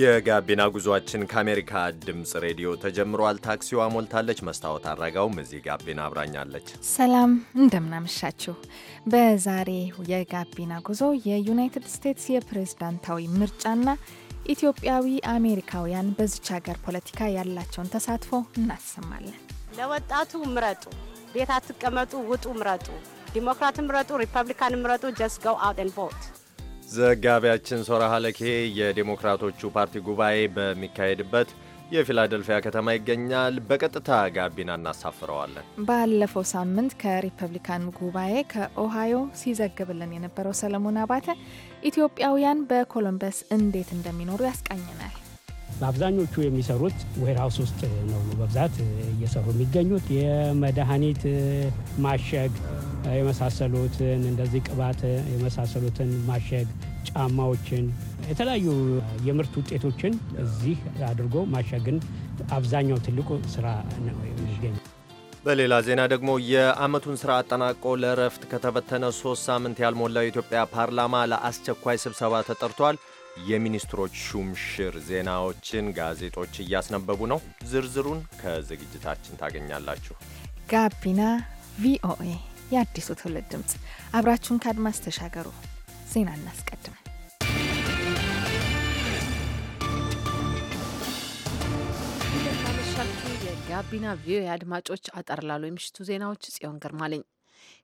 የጋቢና ጉዟችን ከአሜሪካ ድምፅ ሬዲዮ ተጀምሯል። ታክሲዋ ሞልታለች። መስታወት አረጋውም እዚህ ጋቢና አብራኛለች። ሰላም እንደምናመሻችሁ። በዛሬ የጋቢና ጉዞ የዩናይትድ ስቴትስ የፕሬዝዳንታዊ ምርጫና ኢትዮጵያዊ አሜሪካውያን በዚች ሀገር ፖለቲካ ያላቸውን ተሳትፎ እናሰማለን። ለወጣቱ ምረጡ፣ ቤት አትቀመጡ፣ ውጡ፣ ምረጡ። ዲሞክራት ምረጡ፣ ሪፐብሊካን ምረጡ። ጀስት ጎ አውት ኤንድ ቮት ዘጋቢያችን ሶራ ሀለኬ የዴሞክራቶቹ ፓርቲ ጉባኤ በሚካሄድበት የፊላደልፊያ ከተማ ይገኛል። በቀጥታ ጋቢና እናሳፍረዋለን። ባለፈው ሳምንት ከሪፐብሊካን ጉባኤ ከኦሃዮ ሲዘግብልን የነበረው ሰለሞን አባተ ኢትዮጵያውያን በኮሎምበስ እንዴት እንደሚኖሩ ያስቃኝናል። በአብዛኞቹ የሚሰሩት ዌርሃውስ ውስጥ ነው በብዛት እየሰሩ የሚገኙት የመድኃኒት ማሸግ የመሳሰሉትን እንደዚህ ቅባት የመሳሰሉትን ማሸግ ጫማዎችን የተለያዩ የምርት ውጤቶችን እዚህ አድርጎ ማሸግን አብዛኛው ትልቁ ስራ ነው በሌላ ዜና ደግሞ የአመቱን ስራ አጠናቆ ለእረፍት ከተበተነ ሶስት ሳምንት ያልሞላው የኢትዮጵያ ፓርላማ ለአስቸኳይ ስብሰባ ተጠርቷል። የሚኒስትሮች ሹምሽር ዜናዎችን ጋዜጦች እያስነበቡ ነው። ዝርዝሩን ከዝግጅታችን ታገኛላችሁ። ጋቢና ቪኦኤ የአዲሱ ትውልድ ድምፅ። አብራችሁን ከአድማስ ተሻገሩ። ዜና እናስቀድም። የጋቢና ቪኦኤ አድማጮች፣ አጠር ላሉ የምሽቱ ዜናዎች ጽዮን ግርማ ነኝ።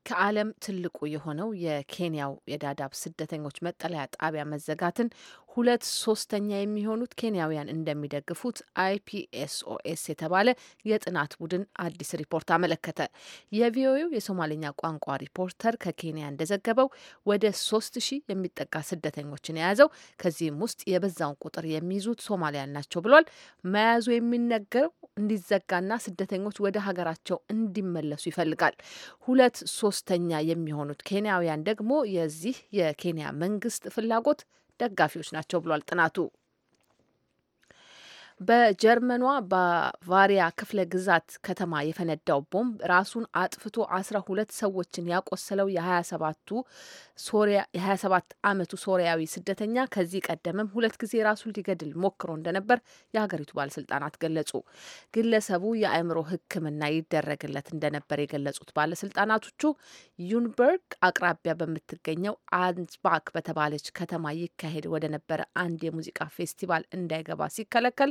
ከዓለም ትልቁ የሆነው የኬንያው የዳዳብ ስደተኞች መጠለያ ጣቢያ መዘጋትን ሁለት ሶስተኛ የሚሆኑት ኬንያውያን እንደሚደግፉት አይፒኤስኦኤስ የተባለ የጥናት ቡድን አዲስ ሪፖርት አመለከተ። የቪኦኤው የሶማሌኛ ቋንቋ ሪፖርተር ከኬንያ እንደዘገበው ወደ ሶስት ሺህ የሚጠጋ ስደተኞችን የያዘው ከዚህም ውስጥ የበዛውን ቁጥር የሚይዙት ሶማሊያን ናቸው ብሏል። መያዙ የሚነገረው እንዲዘጋና ስደተኞች ወደ ሀገራቸው እንዲመለሱ ይፈልጋል። ሁለት ሶስተኛ የሚሆኑት ኬንያውያን ደግሞ የዚህ የኬንያ መንግስት ፍላጎት ደጋፊዎች ናቸው ብሏል ጥናቱ። በጀርመኗ ባቫሪያ ክፍለ ግዛት ከተማ የፈነዳው ቦምብ ራሱን አጥፍቶ አስራ ሁለት ሰዎችን ያቆሰለው የሀያ ሰባት አመቱ ሶሪያዊ ስደተኛ ከዚህ ቀደምም ሁለት ጊዜ ራሱን ሊገድል ሞክሮ እንደነበር የሀገሪቱ ባለስልጣናት ገለጹ። ግለሰቡ የአእምሮ ሕክምና ይደረግለት እንደነበር የገለጹት ባለስልጣናቶቹ ዩንበርግ አቅራቢያ በምትገኘው አንስባክ በተባለች ከተማ ይካሄድ ወደ ነበረ አንድ የሙዚቃ ፌስቲቫል እንዳይገባ ሲከለከል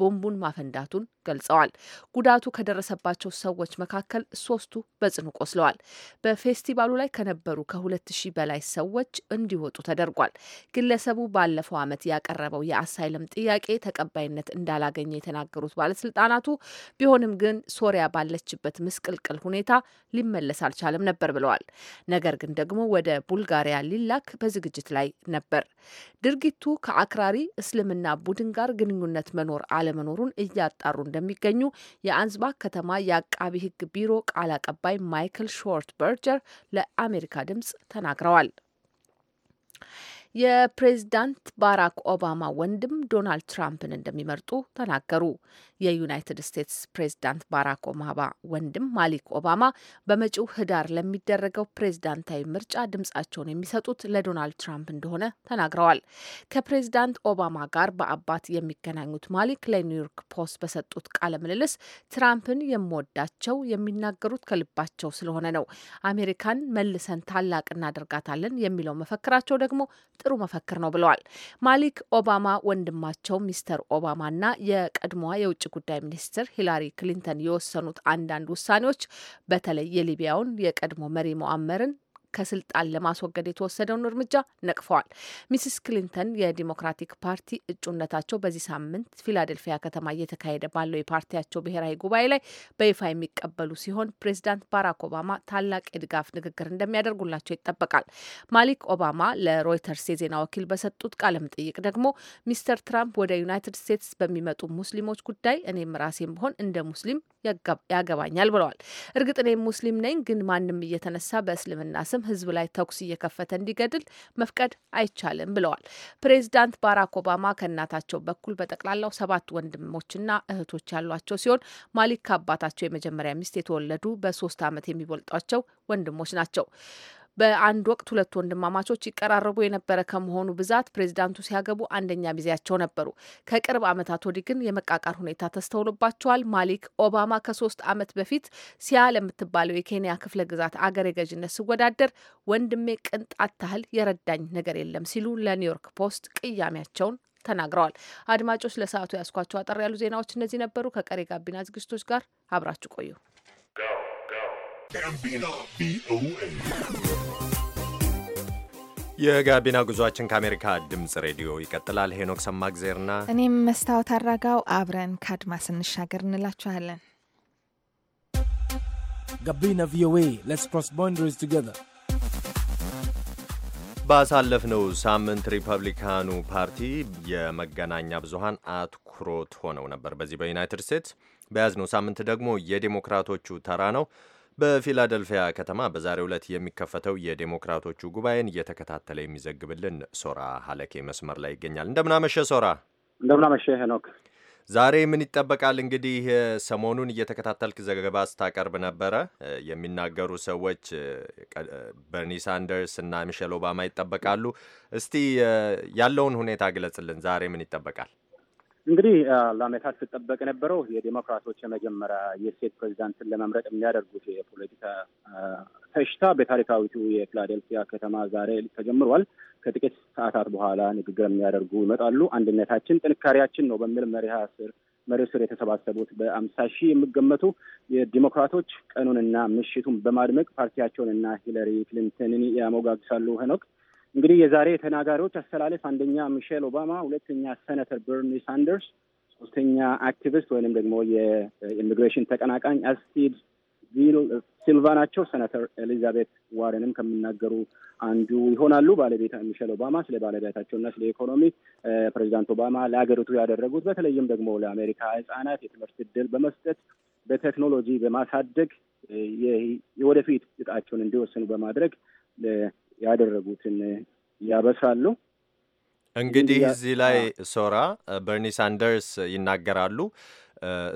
ቦምቡን ማፈንዳቱን ገልጸዋል። ጉዳቱ ከደረሰባቸው ሰዎች መካከል ሶስቱ በጽኑ ቆስለዋል። በፌስቲቫሉ ላይ ከነበሩ ከሁለት ሺህ በላይ ሰዎች እንዲወጡ ተደርጓል። ግለሰቡ ባለፈው ዓመት ያቀረበው የአሳይለም ጥያቄ ተቀባይነት እንዳላገኘ የተናገሩት ባለስልጣናቱ ቢሆንም ግን ሶሪያ ባለችበት ምስቅልቅል ሁኔታ ሊመለስ አልቻለም ነበር ብለዋል። ነገር ግን ደግሞ ወደ ቡልጋሪያ ሊላክ በዝግጅት ላይ ነበር። ድርጊቱ ከአክራሪ እስልምና ቡድን ጋር ግንኙነት መኖር አለ አለመኖሩን እያጣሩ እንደሚገኙ የአንዝባክ ከተማ የአቃቢ ሕግ ቢሮ ቃል አቀባይ ማይክል ሾርት በርጀር ለአሜሪካ ድምጽ ተናግረዋል። የፕሬዚዳንት ባራክ ኦባማ ወንድም ዶናልድ ትራምፕን እንደሚመርጡ ተናገሩ። የዩናይትድ ስቴትስ ፕሬዝዳንት ባራክ ኦባማ ወንድም ማሊክ ኦባማ በመጪው ህዳር ለሚደረገው ፕሬዝዳንታዊ ምርጫ ድምጻቸውን የሚሰጡት ለዶናልድ ትራምፕ እንደሆነ ተናግረዋል። ከፕሬዝዳንት ኦባማ ጋር በአባት የሚገናኙት ማሊክ ለኒውዮርክ ፖስት በሰጡት ቃለ ምልልስ ትራምፕን የምወዳቸው የሚናገሩት ከልባቸው ስለሆነ ነው። አሜሪካን መልሰን ታላቅ እናደርጋታለን የሚለው መፈክራቸው ደግሞ ጥሩ መፈክር ነው ብለዋል። ማሊክ ኦባማ ወንድማቸው ሚስተር ኦባማና የቀድሞዋ የውጭ ጉዳይ ሚኒስትር ሂላሪ ክሊንተን የወሰኑት አንዳንድ ውሳኔዎች በተለይ የሊቢያውን የቀድሞ መሪ ሞአመርን ከስልጣን ለማስወገድ የተወሰደውን እርምጃ ነቅፈዋል። ሚስስ ክሊንተን የዲሞክራቲክ ፓርቲ እጩነታቸው በዚህ ሳምንት ፊላደልፊያ ከተማ እየተካሄደ ባለው የፓርቲያቸው ብሔራዊ ጉባኤ ላይ በይፋ የሚቀበሉ ሲሆን ፕሬዚዳንት ባራክ ኦባማ ታላቅ የድጋፍ ንግግር እንደሚያደርጉላቸው ይጠበቃል። ማሊክ ኦባማ ለሮይተርስ የዜና ወኪል በሰጡት ቃለ መጠይቅ ደግሞ ሚስተር ትራምፕ ወደ ዩናይትድ ስቴትስ በሚመጡ ሙስሊሞች ጉዳይ እኔም ራሴም ብሆን እንደ ሙስሊም ያገባኛል ብለዋል። እርግጥ እኔም ሙስሊም ነኝ፣ ግን ማንም እየተነሳ በእስልምና ስም ማንም ህዝብ ላይ ተኩስ እየከፈተ እንዲገድል መፍቀድ አይቻልም ብለዋል። ፕሬዚዳንት ባራክ ኦባማ ከእናታቸው በኩል በጠቅላላው ሰባት ወንድሞችና እህቶች ያሏቸው ሲሆን ማሊክ ከአባታቸው የመጀመሪያ ሚስት የተወለዱ በሶስት ዓመት የሚበልጧቸው ወንድሞች ናቸው። በአንድ ወቅት ሁለት ወንድማማቾች ይቀራረቡ የነበረ ከመሆኑ ብዛት ፕሬዚዳንቱ ሲያገቡ አንደኛ ሚዜያቸው ነበሩ። ከቅርብ ዓመታት ወዲህ ግን የመቃቃር ሁኔታ ተስተውሎባቸዋል። ማሊክ ኦባማ ከሶስት ዓመት በፊት ሲያል የምትባለው የኬንያ ክፍለ ግዛት አገር ገዥነት ሲወዳደር ወንድሜ ቅንጣት ታህል የረዳኝ ነገር የለም ሲሉ ለኒውዮርክ ፖስት ቅያሜያቸውን ተናግረዋል። አድማጮች፣ ለሰዓቱ ያስኳቸው አጠር ያሉ ዜናዎች እነዚህ ነበሩ። ከቀሪ ጋቢና ዝግጅቶች ጋር አብራችሁ ቆዩ። ጋቢና ቪኦኤ። የጋቢና ጉዟችን ከአሜሪካ ድምፅ ሬዲዮ ይቀጥላል። ሄኖክ ሰማግዜርና እኔም መስታወት አራጋው አብረን ከአድማስ እንሻገር እንላችኋለን። ጋቢና ቪኦኤ ሌትስ ክሮስ ቦንደሪስ ቱጌዘር ባሳለፍነው ሳምንት ሪፐብሊካኑ ፓርቲ የመገናኛ ብዙሃን አትኩሮት ሆነው ነበር በዚህ በዩናይትድ ስቴትስ። በያዝነው ሳምንት ደግሞ የዴሞክራቶቹ ተራ ነው። በፊላደልፊያ ከተማ በዛሬ ዕለት የሚከፈተው የዴሞክራቶቹ ጉባኤን እየተከታተለ የሚዘግብልን ሶራ ሀለኬ መስመር ላይ ይገኛል። እንደምናመሸ ሶራ። እንደምናመሸ ሄኖክ። ዛሬ ምን ይጠበቃል? እንግዲህ ሰሞኑን እየተከታተልክ ዘገባ ስታቀርብ ነበረ። የሚናገሩ ሰዎች በርኒ ሳንደርስ እና ሚሼል ኦባማ ይጠበቃሉ። እስቲ ያለውን ሁኔታ ግለጽልን። ዛሬ ምን ይጠበቃል? እንግዲህ ለአመታት ስጠበቅ የነበረው የዴሞክራቶች የመጀመሪያ የሴት ፕሬዚዳንትን ለመምረጥ የሚያደርጉት የፖለቲካ ፈሽታ በታሪካዊቱ የፊላዴልፊያ ከተማ ዛሬ ተጀምሯል። ከጥቂት ሰዓታት በኋላ ንግግር የሚያደርጉ ይመጣሉ። አንድነታችን ጥንካሬያችን ነው በሚል መሪ ስር መሪ ስር የተሰባሰቡት በአምሳ ሺህ የሚገመቱ የዲሞክራቶች ቀኑንና ምሽቱን በማድመቅ ፓርቲያቸውንና ሂለሪ ክሊንተንን ያሞጋግሳሉ ሄኖክ እንግዲህ የዛሬ የተናጋሪዎች አስተላለፍ አንደኛ ሚሼል ኦባማ፣ ሁለተኛ ሰነተር በርኒ ሳንደርስ፣ ሶስተኛ አክቲቪስት ወይንም ደግሞ የኢሚግሬሽን ተቀናቃኝ አስቲድ ሲልቫ ናቸው። ሴኔተር ኤሊዛቤት ዋረንም ከሚናገሩ አንዱ ይሆናሉ። ባለቤት ሚሼል ኦባማ ስለ ባለቤታቸውና ስለ ኢኮኖሚ ፕሬዚዳንት ኦባማ ለሀገሪቱ ያደረጉት በተለይም ደግሞ ለአሜሪካ ህጻናት የትምህርት እድል በመስጠት በቴክኖሎጂ በማሳደግ የወደፊት እጣቸውን እንዲወስኑ በማድረግ ያደረጉትን ያበሳሉ። እንግዲህ እዚህ ላይ ሶራ በርኒ ሳንደርስ ይናገራሉ።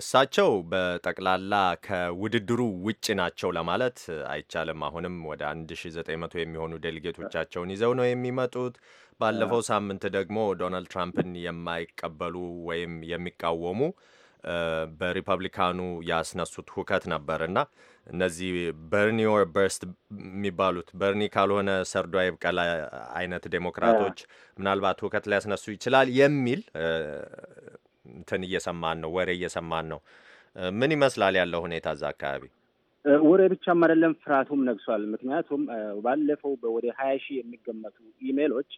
እሳቸው በጠቅላላ ከውድድሩ ውጭ ናቸው ለማለት አይቻልም። አሁንም ወደ 1900 የሚሆኑ ዴሌጌቶቻቸውን ይዘው ነው የሚመጡት። ባለፈው ሳምንት ደግሞ ዶናልድ ትራምፕን የማይቀበሉ ወይም የሚቃወሙ በሪፐብሊካኑ ያስነሱት ሁከት ነበርና እነዚህ በርኒ ወር በርስት የሚባሉት በርኒ ካልሆነ ሰርዶ ይብቀል አይነት ዴሞክራቶች ምናልባት ሁከት ሊያስነሱ ይችላል የሚል እንትን እየሰማን ነው፣ ወሬ እየሰማን ነው። ምን ይመስላል ያለው ሁኔታ እዛ አካባቢ? ወሬ ብቻም አይደለም፣ ፍርሃቱም ነግሷል። ምክንያቱም ባለፈው በወደ ሀያ ሺህ የሚገመቱ ኢሜሎች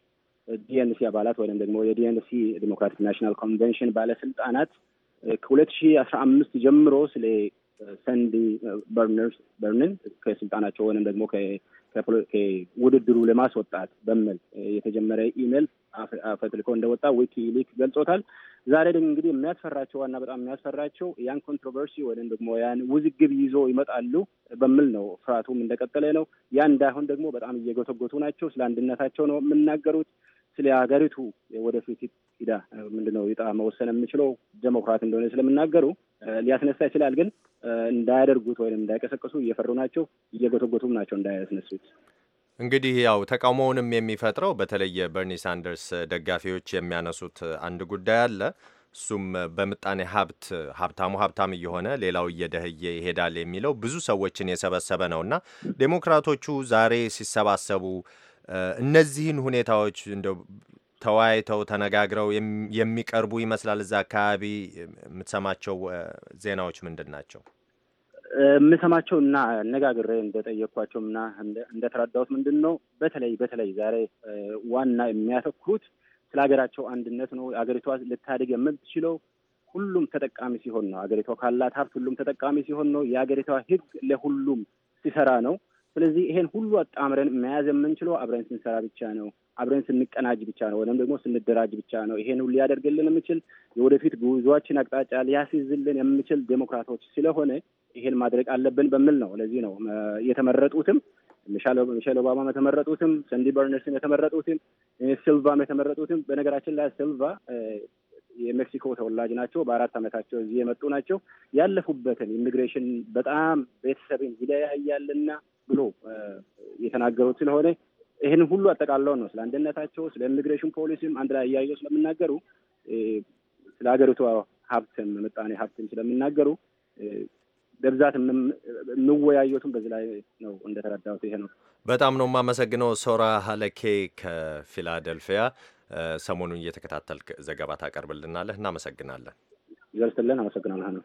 ዲኤንሲ አባላት ወይም ደግሞ የዲኤንሲ ዲሞክራቲክ ናሽናል ኮንቬንሽን ባለስልጣናት ከሁለት ሺህ አስራ አምስት ጀምሮ ስለ ሰንዲ በርንን ከስልጣናቸው ወይም ደግሞ ከውድድሩ ለማስወጣት በሚል የተጀመረ ኢሜል አፈትልኮ እንደወጣ ዊኪሊክ ገልጾታል። ዛሬ ደግሞ እንግዲህ የሚያስፈራቸው ዋና በጣም የሚያስፈራቸው ያን ኮንትሮቨርሲ ወይም ደግሞ ያን ውዝግብ ይዞ ይመጣሉ በሚል ነው። ፍርሃቱም እንደቀጠለ ነው። ያ እንዳይሆን ደግሞ በጣም እየጎተጎቱ ናቸው። ስለ አንድነታቸው ነው የሚናገሩት። ስለ ሀገሪቱ ወደፊት ሂዳ ምንድነው ዕጣ መወሰን የምችለው ዴሞክራት እንደሆነ ስለሚናገሩ ሊያስነሳ ይችላል። ግን እንዳያደርጉት ወይም እንዳይቀሰቀሱ እየፈሩ ናቸው፣ እየጎተጎቱም ናቸው እንዳያስነሱት። እንግዲህ ያው ተቃውሞውንም የሚፈጥረው በተለይ በርኒ ሳንደርስ ደጋፊዎች የሚያነሱት አንድ ጉዳይ አለ። እሱም በምጣኔ ሀብት ሀብታሙ ሀብታም እየሆነ ሌላው እየደህየ ይሄዳል የሚለው ብዙ ሰዎችን የሰበሰበ ነው እና ዴሞክራቶቹ ዛሬ ሲሰባሰቡ እነዚህን ሁኔታዎች እንደው ተወያይተው ተነጋግረው የሚቀርቡ ይመስላል። እዛ አካባቢ የምትሰማቸው ዜናዎች ምንድን ናቸው? የምሰማቸው እና አነጋግሬ እንደጠየቅኳቸው እና እንደተረዳሁት ምንድን ነው በተለይ በተለይ ዛሬ ዋና የሚያተኩሩት ስለ ሀገራቸው አንድነት ነው። ሀገሪቷ ልታድግ የምትችለው ሁሉም ተጠቃሚ ሲሆን ነው። ሀገሪቷ ካላት ሀብት ሁሉም ተጠቃሚ ሲሆን ነው። የሀገሪቷ ሕግ ለሁሉም ሲሰራ ነው። ስለዚህ ይሄን ሁሉ አጣምረን መያዝ የምንችለው አብረን ስንሰራ ብቻ ነው አብረን ስንቀናጅ ብቻ ነው ወይም ደግሞ ስንደራጅ ብቻ ነው ይሄን ሁሉ ሊያደርግልን የምችል የወደፊት ጉዟችን አቅጣጫ ሊያስይዝልን የምችል ዴሞክራቶች ስለሆነ ይሄን ማድረግ አለብን በሚል ነው። ለዚህ ነው የተመረጡትም ሚሼል ኦባማም የተመረጡትም ሰንዲ በርነስም የተመረጡትም ሲልቫም የተመረጡትም። በነገራችን ላይ ሲልቫ የሜክሲኮ ተወላጅ ናቸው። በአራት ዓመታቸው እዚህ የመጡ ናቸው። ያለፉበትን ኢሚግሬሽን በጣም ቤተሰብን ይለያያልና ብሎ የተናገሩት ስለሆነ ይህን ሁሉ አጠቃለው ነው ስለ አንድነታቸው፣ ስለ ኢሚግሬሽን ፖሊሲም አንድ ላይ እያየው ስለሚናገሩ ስለ ሀገሪቷ ሀብትም ምጣኔ ሀብትም ስለሚናገሩ በብዛት የምወያየቱም በዚህ ላይ ነው እንደተረዳሁት ይሄ ነው። በጣም ነው የማመሰግነው። ሶራ ሀለኬ ከፊላደልፊያ ሰሞኑን እየተከታተል ዘገባ ታቀርብልናለህ። እናመሰግናለን። ይዘርስልን። አመሰግናለሁ ነው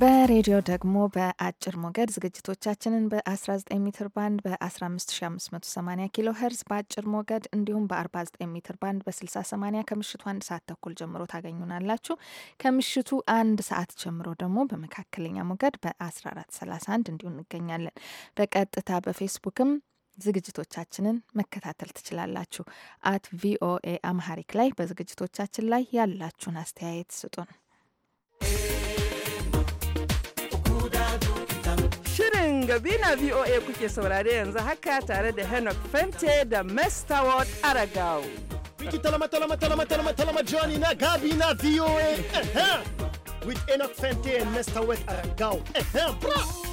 በሬዲዮ ደግሞ በአጭር ሞገድ ዝግጅቶቻችንን በ19 ሜትር ባንድ በ15580 ኪሎ ሄርዝ በአጭር ሞገድ እንዲሁም በ49 ሜትር ባንድ በ6080 ከምሽቱ አንድ ሰዓት ተኩል ጀምሮ ታገኙናላችሁ። ከምሽቱ አንድ ሰዓት ጀምሮ ደግሞ በመካከለኛ ሞገድ በ1431 እንዲሁ እንገኛለን። በቀጥታ በፌስቡክም ዝግጅቶቻችንን መከታተል ትችላላችሁ። አት ቪኦኤ አምሃሪክ ላይ በዝግጅቶቻችን ላይ ያላችሁን አስተያየት ስጡን። Dabina VOA kuke saurare yanzu haka tare da Enoch Fente da Mestaward Aragao. Wiki talama talama talama talama talama Johnny na Gabi na VOA. With Enoch Fente and Mestaward Aragao. Bra!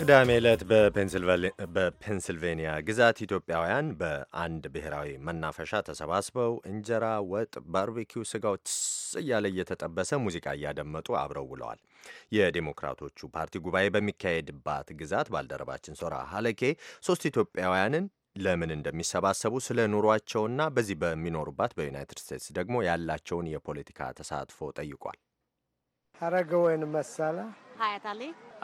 ቅዳሜ ዕለት በፔንስልቬንያ ግዛት ኢትዮጵያውያን በአንድ ብሔራዊ መናፈሻ ተሰባስበው እንጀራ፣ ወጥ፣ ባርቤኪው ስጋው ትስ እያለ እየተጠበሰ ሙዚቃ እያደመጡ አብረው ውለዋል። የዴሞክራቶቹ ፓርቲ ጉባኤ በሚካሄድባት ግዛት ባልደረባችን ሶራ ሀለኬ ሶስት ኢትዮጵያውያንን ለምን እንደሚሰባሰቡ ስለ ኑሯቸውና በዚህ በሚኖሩባት በዩናይትድ ስቴትስ ደግሞ ያላቸውን የፖለቲካ ተሳትፎ ጠይቋል። አረገ ወይን መሳላ ሀያት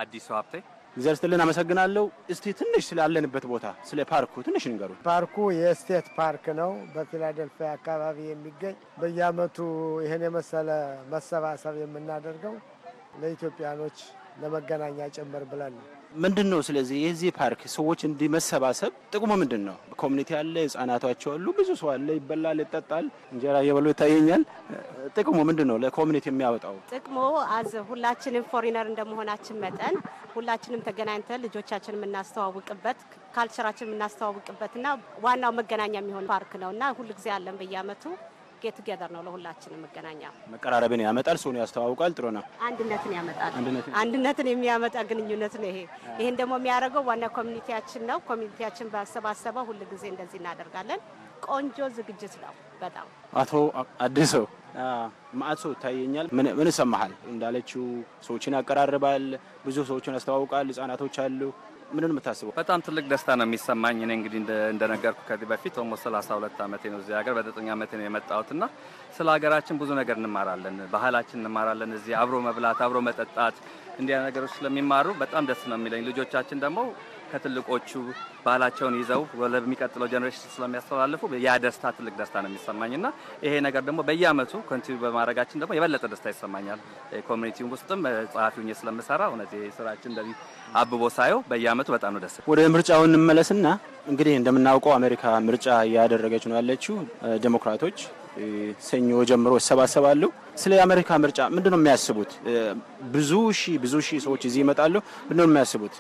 አዲሱ ሀብቴ እግዚአብሔር አመሰግናለሁ። እስቲ ትንሽ ስላለንበት ቦታ ስለ ፓርኩ ትንሽ ንገሩ። ፓርኩ የስቴት ፓርክ ነው፣ በፊላደልፊያ አካባቢ የሚገኝ በየአመቱ ይህን የመሰለ መሰባሰብ የምናደርገው ለኢትዮጵያኖች ለመገናኛ ጭምር ብለን ነው። ምንድን ነው? ስለዚህ የዚህ ፓርክ ሰዎች እንዲመሰባሰብ ጥቅሙ ምንድን ነው? ኮሚኒቲ አለ፣ ህጻናቷቸው አሉ፣ ብዙ ሰው አለ፣ ይበላል፣ ይጠጣል፣ እንጀራ እየበሉ ይታየኛል። ጥቅሙ ምንድን ነው? ለኮሚኒቲ የሚያወጣው ጥቅሙ አዝ ሁላችንም ፎሪነር እንደመሆናችን መጠን ሁላችንም ተገናኝተን ልጆቻችን የምናስተዋውቅበት ካልቸራችን የምናስተዋውቅበትና ዋናው መገናኛ የሚሆን ፓርክ ነው እና ሁልጊዜ አለን በየአመቱ ጌት ቱጌዘር ነው ለሁላችን መገናኛ መቀራረብን ያመጣል፣ ሰውን ያስተዋውቃል፣ ጥሩ ነው። አንድነትን ያመጣል። አንድነትን የሚያመጣ ግንኙነት ነው ይሄ። ይህን ደግሞ የሚያደርገው ዋና ኮሚኒቲያችን ነው። ኮሚኒቲያችን ባሰባሰበ ሁል ጊዜ እንደዚህ እናደርጋለን። ቆንጆ ዝግጅት ነው በጣም አቶ አዲሶ ማአቶ ይታየኛል። ምን ሰማሃል? እንዳለችው ሰዎችን ያቀራርባል፣ ብዙ ሰዎችን ያስተዋውቃል፣ ህጻናቶች አሉ ምንን የምታስበው? በጣም ትልቅ ደስታ ነው የሚሰማኝ። እኔ እንግዲህ እንደነገርኩ ከዚህ በፊት ሞ 32 ዓመቴ ነው እዚህ ሀገር በዘጠኝ ዓመቴ ነው የመጣሁት እና ስለ ሀገራችን ብዙ ነገር እንማራለን፣ ባህላችን እንማራለን። እዚህ አብሮ መብላት፣ አብሮ መጠጣት እንዲያ ነገሮች ስለሚማሩ በጣም ደስ ነው የሚለኝ። ልጆቻችን ደግሞ ከትልቆቹ ባህላቸውን ይዘው ለሚቀጥለው ጀኔሬሽን ስለሚያስተላልፉ ያ ደስታ ትልቅ ደስታ ነው የሚሰማኝ እና ይሄ ነገር ደግሞ በየአመቱ ኮንቲኒው በማድረጋችን ደግሞ የበለጠ ደስታ ይሰማኛል። ኮሚኒቲው ውስጥም ጸሐፊ ሁኜ ስለምሰራ እውነት ስራችን እንደዚህ አብቦ ሳየው በየአመቱ በጣም ነው ደስ ወደ ምርጫው እንመለስና እንግዲህ እንደምናውቀው አሜሪካ ምርጫ እያደረገች ነው ያለችው። ዴሞክራቶች ሰኞ ጀምሮ ይሰባሰባሉ። ስለ አሜሪካ ምርጫ ምንድነው የሚያስቡት? ብዙ ሺ ብዙ ሺ ሰዎች እዚህ ይመጣሉ። ምንድነው የሚያስቡት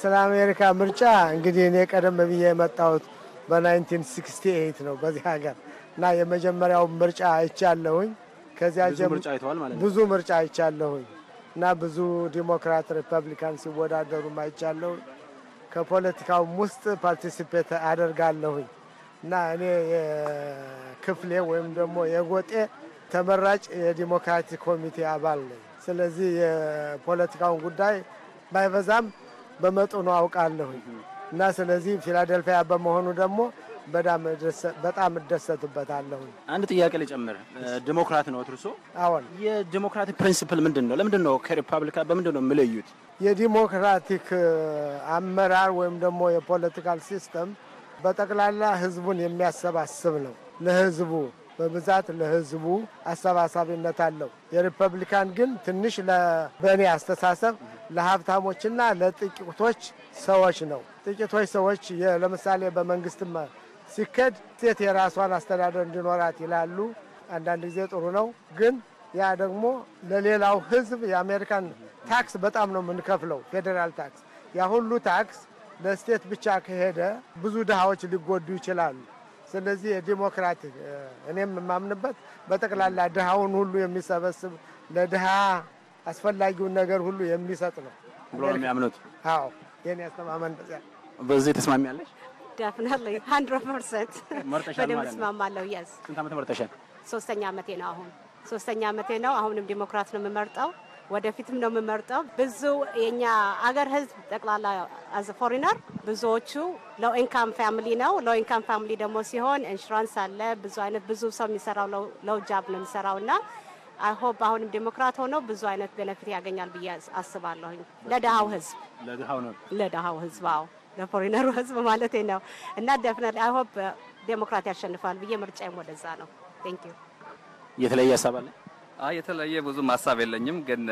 ስለ አሜሪካ ምርጫ? እንግዲህ እኔ ቀደም ብዬ የመጣሁት በ1968 ነው በዚህ ሀገር እና የመጀመሪያው ምርጫ አይቻለሁኝ። ከዚያ ብዙ ምርጫ አይቻለሁኝ እና ብዙ ዲሞክራት፣ ሪፐብሊካን ሲወዳደሩ አይቻለሁኝ። ከፖለቲካው ውስጥ ፓርቲሲፔት አደርጋለሁኝ እና እኔ የክፍሌ ወይም ደግሞ የጎጤ ተመራጭ የዲሞክራቲክ ኮሚቴ አባል ነኝ። ስለዚህ የፖለቲካውን ጉዳይ ባይበዛም በመጠኑ አውቃለሁ እና ስለዚህ ፊላደልፊያ በመሆኑ ደግሞ በጣም እደሰትበታለሁ። አንድ ጥያቄ ልጨምር። ዲሞክራት ነው እርሶ? አዎን። የዲሞክራቲክ ፕሪንስፕል ምንድን ነው? ለምንድን ነው ከሪፐብሊካን በምንድን ነው የምለዩት? የዲሞክራቲክ አመራር ወይም ደግሞ የፖለቲካል ሲስተም በጠቅላላ ህዝቡን የሚያሰባስብ ነው ለህዝቡ በብዛት ለህዝቡ አሰባሳቢነት አለው። የሪፐብሊካን ግን ትንሽ በእኔ አስተሳሰብ ለሀብታሞችና ለጥቂቶች ሰዎች ነው። ጥቂቶች ሰዎች ለምሳሌ በመንግስት ሲከድ ሴት የራሷን አስተዳደር እንዲኖራት ይላሉ። አንዳንድ ጊዜ ጥሩ ነው፣ ግን ያ ደግሞ ለሌላው ህዝብ የአሜሪካን ታክስ በጣም ነው የምንከፍለው፣ ፌዴራል ታክስ። ያ ሁሉ ታክስ ለስቴት ብቻ ከሄደ ብዙ ድሃዎች ሊጎዱ ይችላሉ። ስለዚህ የዲሞክራቲ እኔም የማምንበት በጠቅላላ ድሃውን ሁሉ የሚሰበስብ ለድሃ አስፈላጊውን ነገር ሁሉ የሚሰጥ ነው ብሎ ነው የሚያምኑት። አዎ የኔ አስተማመን በዚህ ተስማሚያለሽ? ዳፍናለሁ ሀንድረድ ፐርሰንት በደምብ እስማማለሁ። ያዝ ስንት ዓመት መርጠሻል? ሶስተኛ ዓመቴ ነው አሁን ሶስተኛ ዓመቴ ነው። አሁንም ዲሞክራት ነው የምመርጠው። ወደፊትም ነው የምመርጠው። ብዙ የኛ አገር ህዝብ ጠቅላላ አዘ ፎሪነር ብዙዎቹ ሎው ኢንካም ፋሚሊ ነው። ሎው ኢንካም ፋሚሊ ደግሞ ሲሆን ኢንሹራንስ አለ። ብዙ አይነት ብዙ ሰው የሚሰራው ሎው ጃብ ነው የሚሰራው እና አይሆፕ አሁንም ዴሞክራት ሆነው ብዙ አይነት ቤነፊት ያገኛል ብዬ አስባለሁኝ። ለድሃው ህዝብ ለድሃው ነው ለድሃው ህዝብ አዎ ለፎሪነሩ ህዝብ ማለት ነው እና ደፍነት አይሆፕ ዴሞክራት ያሸንፋል ብዬ ምርጫዬም ወደዛ ነው። ቴንክ ዩ የተለየ ሀሳብ አለ የተለየ ብዙ ሀሳብ የለኝም፣ ግን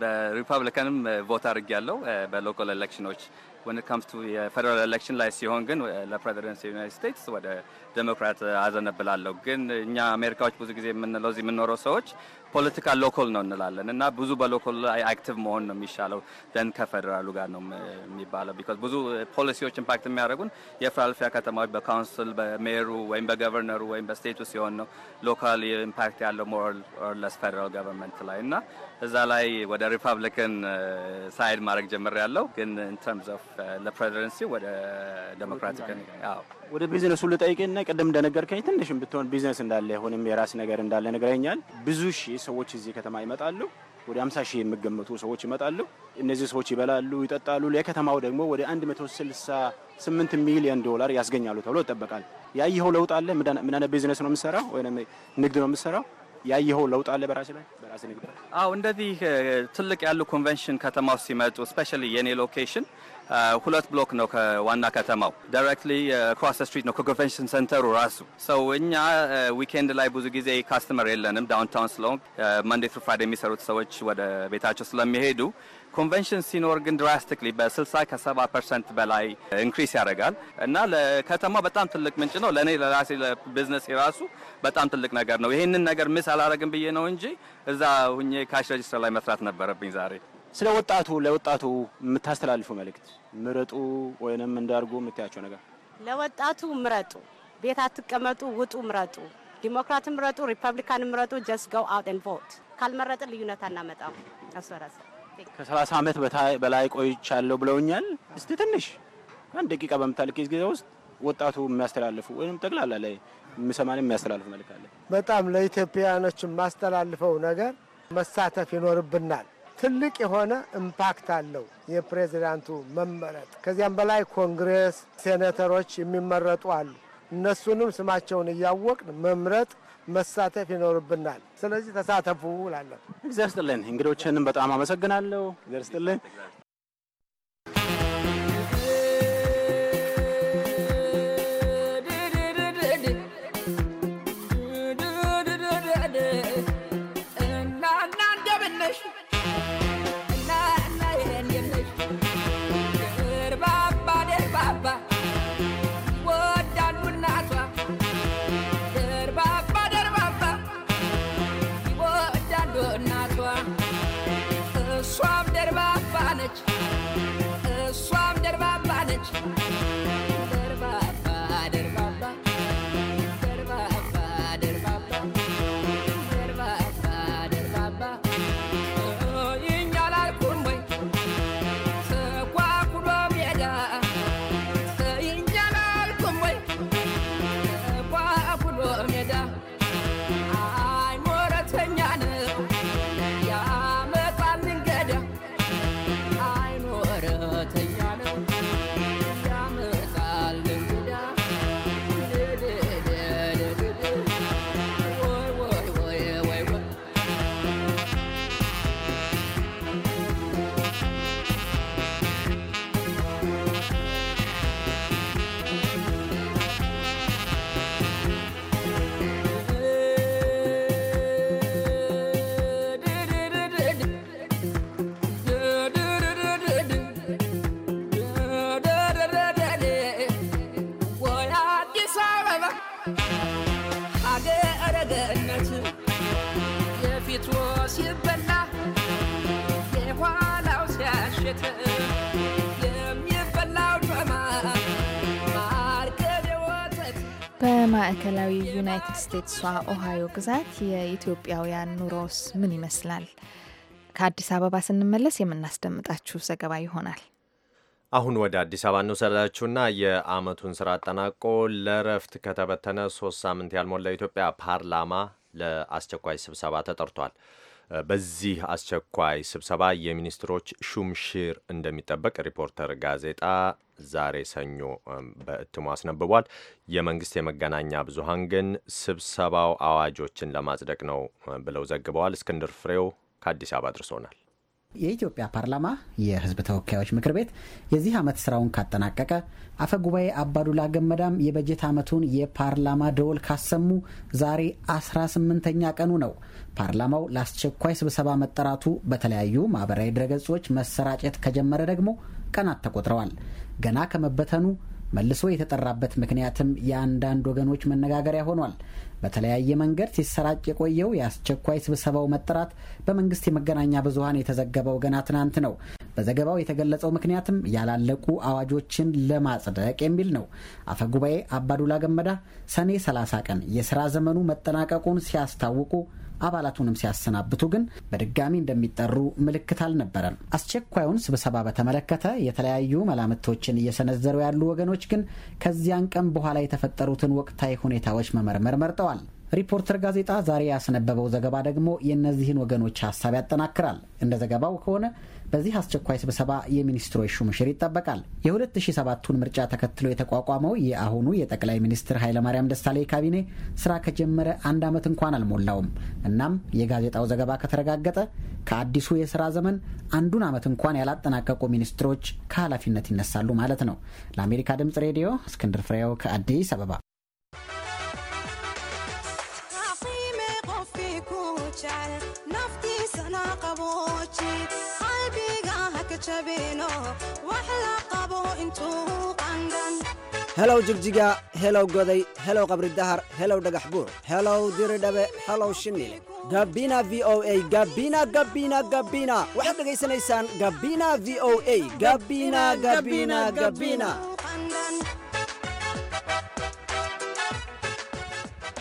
በሪፐብሊካንም ቮት አድርጌያለሁ በሎካል ኤሌክሽኖች ወን ካምስ ቱ የፌደራል ኤሌክሽን ላይ ሲሆን ግን eh, ለፕሬዚደንት ዩናይትድ ስቴትስ ወደ ዴሞክራት eh, አዘነብላለሁ። ግን እኛ አሜሪካዎች ብዙ ጊዜ የምንለው እዚህ የምንኖረው ሰዎች ፖለቲካ ሎኮል ነው እንላለን እና ብዙ በሎኮል ላይ አክቲቭ መሆን ነው የሚሻለው ደን ከፌደራሉ ጋር ነው የሚባለው። ቢኮዝ ብዙ ፖሊሲዎች ኢምፓክት የሚያደርጉን የፊላደልፊያ ከተማዎች በካውንስል በሜሩ ወይም በገቨርነሩ ወይም በስቴቱ ሲሆን ነው። ሎካል ኢምፓክት ያለው ሞር ኦር ለስ ፌደራል ገቨርንመንት ላይ እና እዛ ላይ ወደ ሪፐብሊካን ሳይድ uh, ማድረግ ጀምር ያለው ግን ኢን ተርምስ ኦፍ ለፕሬዚደንሲ ወደ ዴሞክራቲክ ወደ ቢዝነሱ ልጠይቅና ቅድም እንደነገርከኝ ትንሽም ብትሆን ቢዝነስ እንዳለ አሁንም የራስ ነገር እንዳለ ንገረኛል። ብዙ ሺህ ሰዎች እዚህ ከተማ ይመጣሉ። ወደ 50 ሺህ የሚገመቱ ሰዎች ይመጣሉ። እነዚህ ሰዎች ይበላሉ፣ ይጠጣሉ። ለከተማው ደግሞ ወደ 168 ሚሊዮን ዶላር ያስገኛሉ ተብሎ ይጠበቃል። ያየኸው ለውጥ አለ? ምን አይነት ቢዝነስ ነው የምሰራው ወይም ንግድ ነው የምሰራው? ያየኸው ለውጥ አለ በራሴ ላይ በራሴ ንግድ አዎ እንደዚህ ትልቅ ያሉ ኮንቨንሽን ከተማ ውስጥ ሲመጡ ስፔሻሊ የኔ ሎኬሽን Uh, ሁለት ብሎክ ነው ከዋና ከተማው ዳይሬክትሊ ክሮስ ስትሪት ነው ከኮንቨንሽን ሰንተሩ ራሱ ሰው እኛ ዊኬንድ uh, ላይ ብዙ ጊዜ ካስተመር የለንም ዳውንታውን ስለሆን መንዴ ትሩ ፍራይዴ የሚሰሩት ሰዎች ወደ ቤታቸው ስለሚሄዱ ኮንቨንሽን ሲኖር ግን ድራስቲክሊ በ60 ከ70 ፐርሰንት በላይ ኢንክሪስ ያደርጋል እና ለከተማ በጣም ትልቅ ምንጭ ነው። ለእኔ ለራሴ ለቢዝነስ የራሱ በጣም ትልቅ ነገር ነው። ይህንን ነገር ምስ አላረግም ብዬ ነው እንጂ እዛ ሁኜ ካሽ ረጅስተር ላይ መስራት ነበረብኝ ዛሬ ስለ ወጣቱ ለወጣቱ የምታስተላልፉ መልእክት ምረጡ ወይንም እንዳርጉ የምታያቸው ነገር? ለወጣቱ ምረጡ፣ ቤት አትቀመጡ፣ ውጡ፣ ምረጡ። ዲሞክራት ምረጡ፣ ሪፐብሊካን ምረጡ። ጀስት ጎ አውት ኤንድ ቮት። ካልመረጠ ልዩነት አናመጣም። አስወራሰ ከ30 ዓመት በላይ ቆይቻለሁ ብለውኛል። እስቲ ትንሽ አንድ ደቂቃ በምታልቅ ጊዜ ውስጥ ወጣቱ የሚያስተላልፉ ወይም ጠቅላላ ላይ ምሰማን የሚያስተላልፉ መልእክት አለ? በጣም ለኢትዮጵያውያኖች የማስተላልፈው ነገር መሳተፍ ይኖርብናል። ትልቅ የሆነ ኢምፓክት አለው የፕሬዚዳንቱ መመረጥ። ከዚያም በላይ ኮንግሬስ፣ ሴኔተሮች የሚመረጡ አሉ። እነሱንም ስማቸውን እያወቅን መምረጥ መሳተፍ ይኖርብናል። ስለዚህ ተሳተፉ እላለሁ። እግዚአብሔር ይስጥልን። እንግዶችንም በጣም አመሰግናለሁ። እግዚአብሔር ይስጥልን። በማዕከላዊ ዩናይትድ ስቴትሷ ኦሃዮ ግዛት የኢትዮጵያውያን ኑሮስ ምን ይመስላል? ከአዲስ አበባ ስንመለስ የምናስደምጣችሁ ዘገባ ይሆናል። አሁን ወደ አዲስ አበባ እንውሰዳችሁና የአመቱን ስራ አጠናቆ ለረፍት ከተበተነ ሶስት ሳምንት ያልሞላ የኢትዮጵያ ፓርላማ ለአስቸኳይ ስብሰባ ተጠርቷል። በዚህ አስቸኳይ ስብሰባ የሚኒስትሮች ሹምሽር እንደሚጠበቅ ሪፖርተር ጋዜጣ ዛሬ ሰኞ በእትሙ አስነብቧል። የመንግስት የመገናኛ ብዙሀን ግን ስብሰባው አዋጆችን ለማጽደቅ ነው ብለው ዘግበዋል። እስክንድር ፍሬው ከአዲስ አበባ አድርሶናል። የኢትዮጵያ ፓርላማ የሕዝብ ተወካዮች ምክር ቤት የዚህ ዓመት ስራውን ካጠናቀቀ አፈ ጉባኤ አባዱላ ገመዳም የበጀት ዓመቱን የፓርላማ ደወል ካሰሙ ዛሬ 18ኛ ቀኑ ነው። ፓርላማው ለአስቸኳይ ስብሰባ መጠራቱ በተለያዩ ማህበራዊ ድረገጾች መሰራጨት ከጀመረ ደግሞ ቀናት ተቆጥረዋል። ገና ከመበተኑ መልሶ የተጠራበት ምክንያትም የአንዳንድ ወገኖች መነጋገሪያ ሆኗል። በተለያየ መንገድ ሲሰራጭ የቆየው የአስቸኳይ ስብሰባው መጠራት በመንግስት የመገናኛ ብዙሀን የተዘገበው ገና ትናንት ነው። በዘገባው የተገለጸው ምክንያትም ያላለቁ አዋጆችን ለማጽደቅ የሚል ነው። አፈ ጉባኤ አባዱላ ገመዳ ሰኔ 30 ቀን የስራ ዘመኑ መጠናቀቁን ሲያስታውቁ አባላቱንም ሲያሰናብቱ ግን በድጋሚ እንደሚጠሩ ምልክት አልነበረም። አስቸኳዩን ስብሰባ በተመለከተ የተለያዩ መላምቶችን እየሰነዘሩ ያሉ ወገኖች ግን ከዚያን ቀን በኋላ የተፈጠሩትን ወቅታዊ ሁኔታዎች መመርመር መርጠዋል። ሪፖርተር ጋዜጣ ዛሬ ያስነበበው ዘገባ ደግሞ የእነዚህን ወገኖች ሀሳብ ያጠናክራል። እንደ ዘገባው ከሆነ በዚህ አስቸኳይ ስብሰባ የሚኒስትሮች ሹምሽር ይጠበቃል። የ2007ቱን ምርጫ ተከትሎ የተቋቋመው የአሁኑ የጠቅላይ ሚኒስትር ኃይለማርያም ደሳለኝ ካቢኔ ስራ ከጀመረ አንድ ዓመት እንኳን አልሞላውም። እናም የጋዜጣው ዘገባ ከተረጋገጠ ከአዲሱ የስራ ዘመን አንዱን ዓመት እንኳን ያላጠናቀቁ ሚኒስትሮች ከኃላፊነት ይነሳሉ ማለት ነው። ለአሜሪካ ድምጽ ሬዲዮ እስክንድር ፍሬው ከአዲስ አበባ። نفتي سنة helow jigjiga helow goday helow qabri dahar helow dhagax buur helow diridhabe helow shinil gabina v o a gabina gabina gabina waxaad dhegaysanaysaan gabina v o a gabina gabina gabina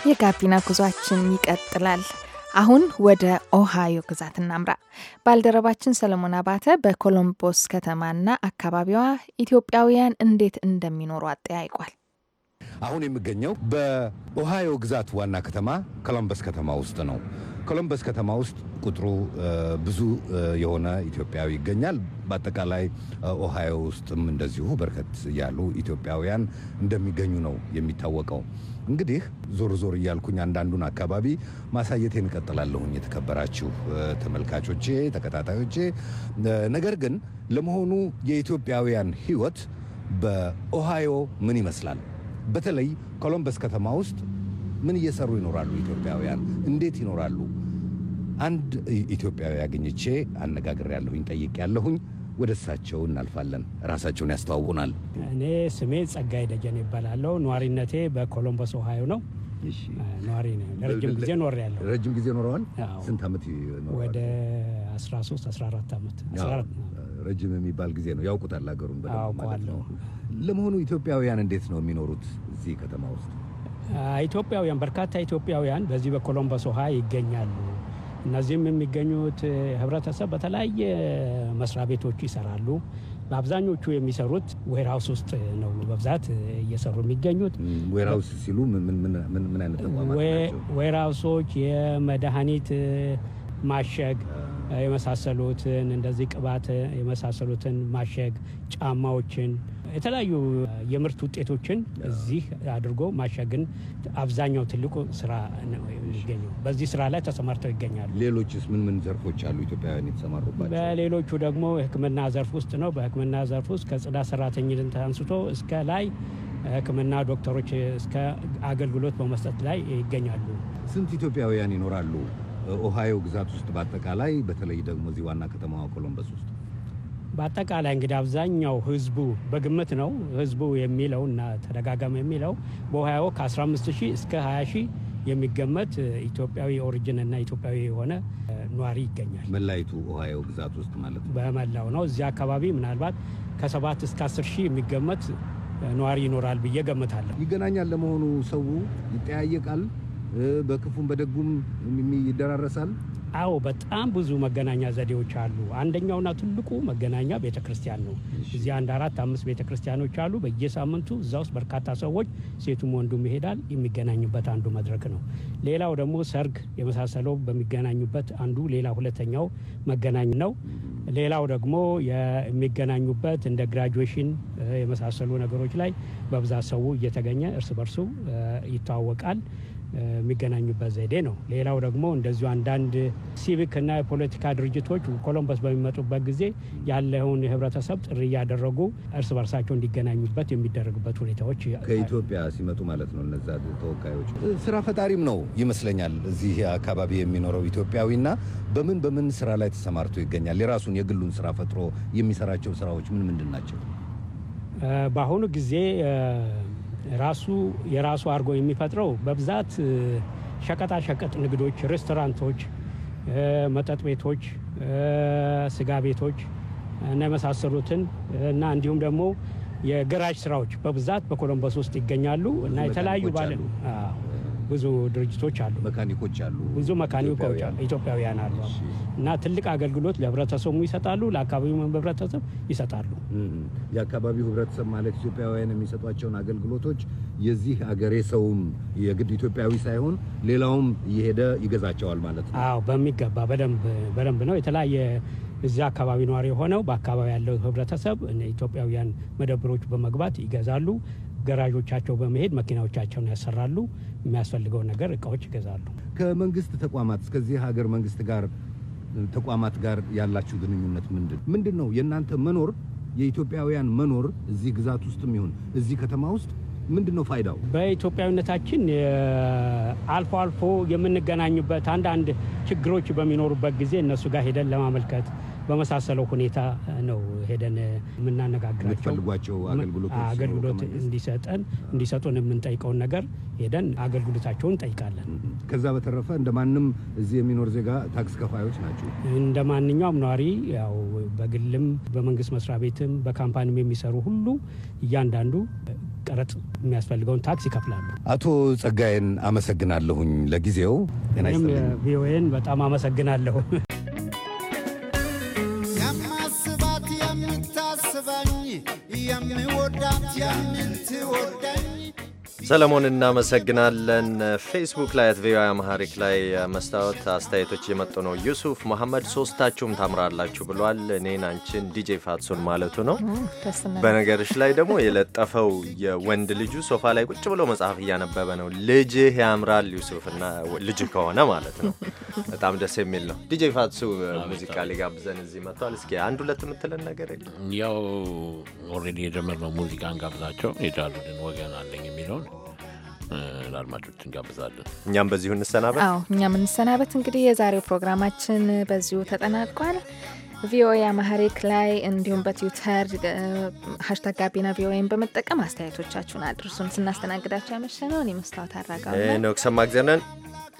የጋቢና ጉዟችን ይቀጥላል አሁን ወደ ኦሃዮ ግዛት እናምራ። ባልደረባችን ሰለሞን አባተ በኮሎምቦስ ከተማና አካባቢዋ ኢትዮጵያውያን እንዴት እንደሚኖሩ አጠያይቋል። አሁን የምገኘው በኦሃዮ ግዛት ዋና ከተማ ኮሎምበስ ከተማ ውስጥ ነው። ኮሎምበስ ከተማ ውስጥ ቁጥሩ ብዙ የሆነ ኢትዮጵያዊ ይገኛል። በአጠቃላይ ኦሃዮ ውስጥም እንደዚሁ በርከት ያሉ ኢትዮጵያውያን እንደሚገኙ ነው የሚታወቀው። እንግዲህ ዞር ዞር እያልኩኝ አንዳንዱን አካባቢ ማሳየቴን እቀጥላለሁኝ። የተከበራችሁ ተመልካቾቼ፣ ተከታታዮቼ ነገር ግን ለመሆኑ የኢትዮጵያውያን ሕይወት በኦሃዮ ምን ይመስላል? በተለይ ኮሎምበስ ከተማ ውስጥ ምን እየሰሩ ይኖራሉ? ኢትዮጵያውያን እንዴት ይኖራሉ? አንድ ኢትዮጵያዊ አግኝቼ አነጋግር ያለሁኝ ጠይቅ ያለሁኝ ወደ እሳቸው እናልፋለን። ራሳቸውን ያስተዋውናል። እኔ ስሜ ጸጋይ ደጀን ይባላለሁ። ነዋሪነቴ በኮሎምበስ ኦሃዮ ነው። ነዋሪ ነኝ። ለረጅም ጊዜ ኖሬያለሁ። ረጅም ጊዜ ኖረዋል። ስንት ዓመት ወደ 13 14 ዓመት። ረጅም የሚባል ጊዜ ነው። ያውቁታል አገሩን በደንብ ማለት ነው። ለመሆኑ ኢትዮጵያውያን እንዴት ነው የሚኖሩት እዚህ ከተማ ውስጥ? ኢትዮጵያውያን በርካታ ኢትዮጵያውያን በዚህ በኮሎምበስ ውሃ ይገኛሉ። እነዚህም የሚገኙት ህብረተሰብ በተለያየ መስሪያ ቤቶቹ ይሰራሉ። በአብዛኞቹ የሚሰሩት ዌርሃውስ ውስጥ ነው በብዛት እየሰሩ የሚገኙት። ዌርሃውስ ሲሉ ምን አይነት ተቋማት ዌርሃውሶች የመድኃኒት ማሸግ የመሳሰሉትን እንደዚህ ቅባት የመሳሰሉትን ማሸግ ጫማዎችን የተለያዩ የምርት ውጤቶችን እዚህ አድርጎ ማሸግን አብዛኛው ትልቁ ስራ የሚገኘው። በዚህ ስራ ላይ ተሰማርተው ይገኛሉ። ሌሎችስ ምን ምን ዘርፎች አሉ ኢትዮጵያውያን የተሰማሩባቸው? በሌሎቹ ደግሞ ሕክምና ዘርፍ ውስጥ ነው። በሕክምና ዘርፍ ውስጥ ከጽዳት ሰራተኝነት አንስቶ እስከ ላይ ሕክምና ዶክተሮች እስከ አገልግሎት በመስጠት ላይ ይገኛሉ። ስንት ኢትዮጵያውያን ይኖራሉ ኦሃዮ ግዛት ውስጥ በአጠቃላይ በተለይ ደግሞ እዚህ ዋና ከተማዋ ኮሎምበስ ውስጥ? በአጠቃላይ እንግዲህ አብዛኛው ህዝቡ በግምት ነው ህዝቡ የሚለው እና ተደጋጋሚ የሚለው በኦሃዮ ከ15 ሺህ እስከ 20 ሺህ የሚገመት ኢትዮጵያዊ ኦሪጅን እና ኢትዮጵያዊ የሆነ ነዋሪ ይገኛል። መላይቱ ኦሃዮ ግዛት ውስጥ ማለት ነው። በመላው ነው። እዚህ አካባቢ ምናልባት ከሰባት እስከ አስር ሺህ የሚገመት ነዋሪ ይኖራል ብዬ ገምታለሁ። ይገናኛል። ለመሆኑ ሰው ይጠያየቃል፣ በክፉም በደጉም ይደራረሳል። አዎ በጣም ብዙ መገናኛ ዘዴዎች አሉ። አንደኛውና ትልቁ መገናኛ ቤተ ክርስቲያን ነው። እዚህ አንድ አራት አምስት ቤተ ክርስቲያኖች አሉ። በየሳምንቱ እዛ ውስጥ በርካታ ሰዎች ሴቱም ወንዱም ይሄዳል የሚገናኙበት አንዱ መድረክ ነው። ሌላው ደግሞ ሰርግ የመሳሰለው በሚገናኙበት አንዱ ሌላ ሁለተኛው መገናኝ ነው። ሌላው ደግሞ የሚገናኙበት እንደ ግራጁዌሽን የመሳሰሉ ነገሮች ላይ በብዛት ሰው እየተገኘ እርስ በርሱ ይተዋወቃል። የሚገናኙበት ዘዴ ነው። ሌላው ደግሞ እንደዚሁ አንዳንድ ሲቪክ እና የፖለቲካ ድርጅቶች ኮሎምበስ በሚመጡበት ጊዜ ያለውን የህብረተሰብ ጥሪ እያደረጉ እርስ በርሳቸው እንዲገናኙበት የሚደረግበት ሁኔታዎች ከኢትዮጵያ ሲመጡ ማለት ነው። እነዛ ተወካዮች ስራ ፈጣሪም ነው ይመስለኛል እዚህ አካባቢ የሚኖረው ኢትዮጵያዊና በምን በምን ስራ ላይ ተሰማርቶ ይገኛል? የራሱን የግሉን ስራ ፈጥሮ የሚሰራቸው ስራዎች ምን ምንድን ናቸው? በአሁኑ ጊዜ ራሱ የራሱ አድርጎ የሚፈጥረው በብዛት ሸቀጣሸቀጥ ንግዶች፣ ሬስቶራንቶች፣ መጠጥ ቤቶች፣ ስጋ ቤቶች እና የመሳሰሉትን እና እንዲሁም ደግሞ የገራጅ ስራዎች በብዛት በኮሎምበስ ውስጥ ይገኛሉ እና የተለያዩ ባለ ብዙ ድርጅቶች አሉ፣ መካኒኮች አሉ፣ ብዙ መካኒኮች አሉ፣ ኢትዮጵያውያን አሉ እና ትልቅ አገልግሎት ለህብረተሰቡ ይሰጣሉ፣ ለአካባቢው ህብረተሰብ ይሰጣሉ። የአካባቢው ህብረተሰብ ማለት ኢትዮጵያውያን የሚሰጧቸውን አገልግሎቶች የዚህ አገሬ ሰውም የግድ ኢትዮጵያዊ ሳይሆን ሌላውም እየሄደ ይገዛቸዋል ማለት ነው። አዎ በሚገባ በደንብ ነው። የተለያየ እዚህ አካባቢ ነዋሪ የሆነው በአካባቢ ያለው ህብረተሰብ ኢትዮጵያውያን መደብሮች በመግባት ይገዛሉ። ገራዦቻቸው በመሄድ መኪናዎቻቸውን ያሰራሉ። የሚያስፈልገው ነገር እቃዎች ይገዛሉ። ከመንግስት ተቋማት እስከዚህ ሀገር መንግስት ጋር ተቋማት ጋር ያላችሁ ግንኙነት ምንድን ምንድን ነው? የእናንተ መኖር የኢትዮጵያውያን መኖር እዚህ ግዛት ውስጥም ይሁን እዚህ ከተማ ውስጥ ምንድን ነው ፋይዳው? በኢትዮጵያዊነታችን አልፎ አልፎ የምንገናኝበት አንዳንድ ችግሮች በሚኖሩበት ጊዜ እነሱ ጋር ሄደን ለማመልከት በመሳሰለው ሁኔታ ነው ሄደን የምናነጋግራቸው አገልግሎት እንዲሰጠን እንዲሰጡን የምንጠይቀውን ነገር ሄደን አገልግሎታቸውን እንጠይቃለን። ከዛ በተረፈ እንደ ማንም እዚህ የሚኖር ዜጋ ታክስ ከፋዮች ናቸው። እንደ ማንኛውም ነዋሪ ያው በግልም በመንግስት መስሪያ ቤትም በካምፓኒም የሚሰሩ ሁሉ እያንዳንዱ ቀረጥ የሚያስፈልገውን ታክስ ይከፍላሉ። አቶ ጸጋዬን አመሰግናለሁኝ ለጊዜው ቪኦኤን በጣም አመሰግናለሁ። ሰለሞን እናመሰግናለን። ፌስቡክ ላይ አት ቪኦኤ አማሃሪክ ላይ መስታወት አስተያየቶች የመጡ ነው። ዩሱፍ መሐመድ ሶስታችሁም ታምራላችሁ ብሏል። እኔን፣ አንቺን፣ ዲጄ ፋትሱን ማለቱ ነው። በነገርሽ ላይ ደግሞ የለጠፈው የወንድ ልጁ ሶፋ ላይ ቁጭ ብሎ መጽሐፍ እያነበበ ነው። ልጅህ ያምራል ዩሱፍ እና ልጅ ከሆነ ማለት ነው። በጣም ደስ የሚል ነው። ዲጄ ፋትሱ ሙዚቃ ሊጋብዘን እዚህ መጥቷል። እስኪ አንድ ሁለት የምትለን ነገር ያው ኦልሬዲ የጀመርነው ሙዚቃ እንጋብዛቸው የጃሉድን ወገን አለኝ የሚለውን ለአድማጮች እንጋብዛለን። እኛም በዚሁ እንሰናበት። አዎ እኛም እንሰናበት። እንግዲህ የዛሬው ፕሮግራማችን በዚሁ ተጠናቋል። ቪኦኤ አማሪክ ላይ እንዲሁም በትዊተር ሀሽታግ ጋቢና ቪኦኤን በመጠቀም አስተያየቶቻችሁን አድርሱን። ስናስተናግዳቸው ያመሸነውን የመስታወት አድራጋ ነው ሰማ ጊዜ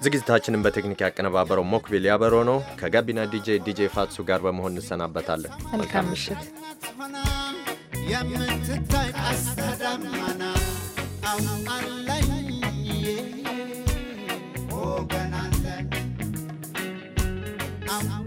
ዝግጅታችንን በቴክኒክ ያቀነባበረው ሞክቢል ያበሮ ነው። ከጋቢና ዲጄ ዲጄ ፋትሱ ጋር በመሆን እንሰናበታለን። መልካም ምሽት። የምትታይ አስተዳማና I'm um,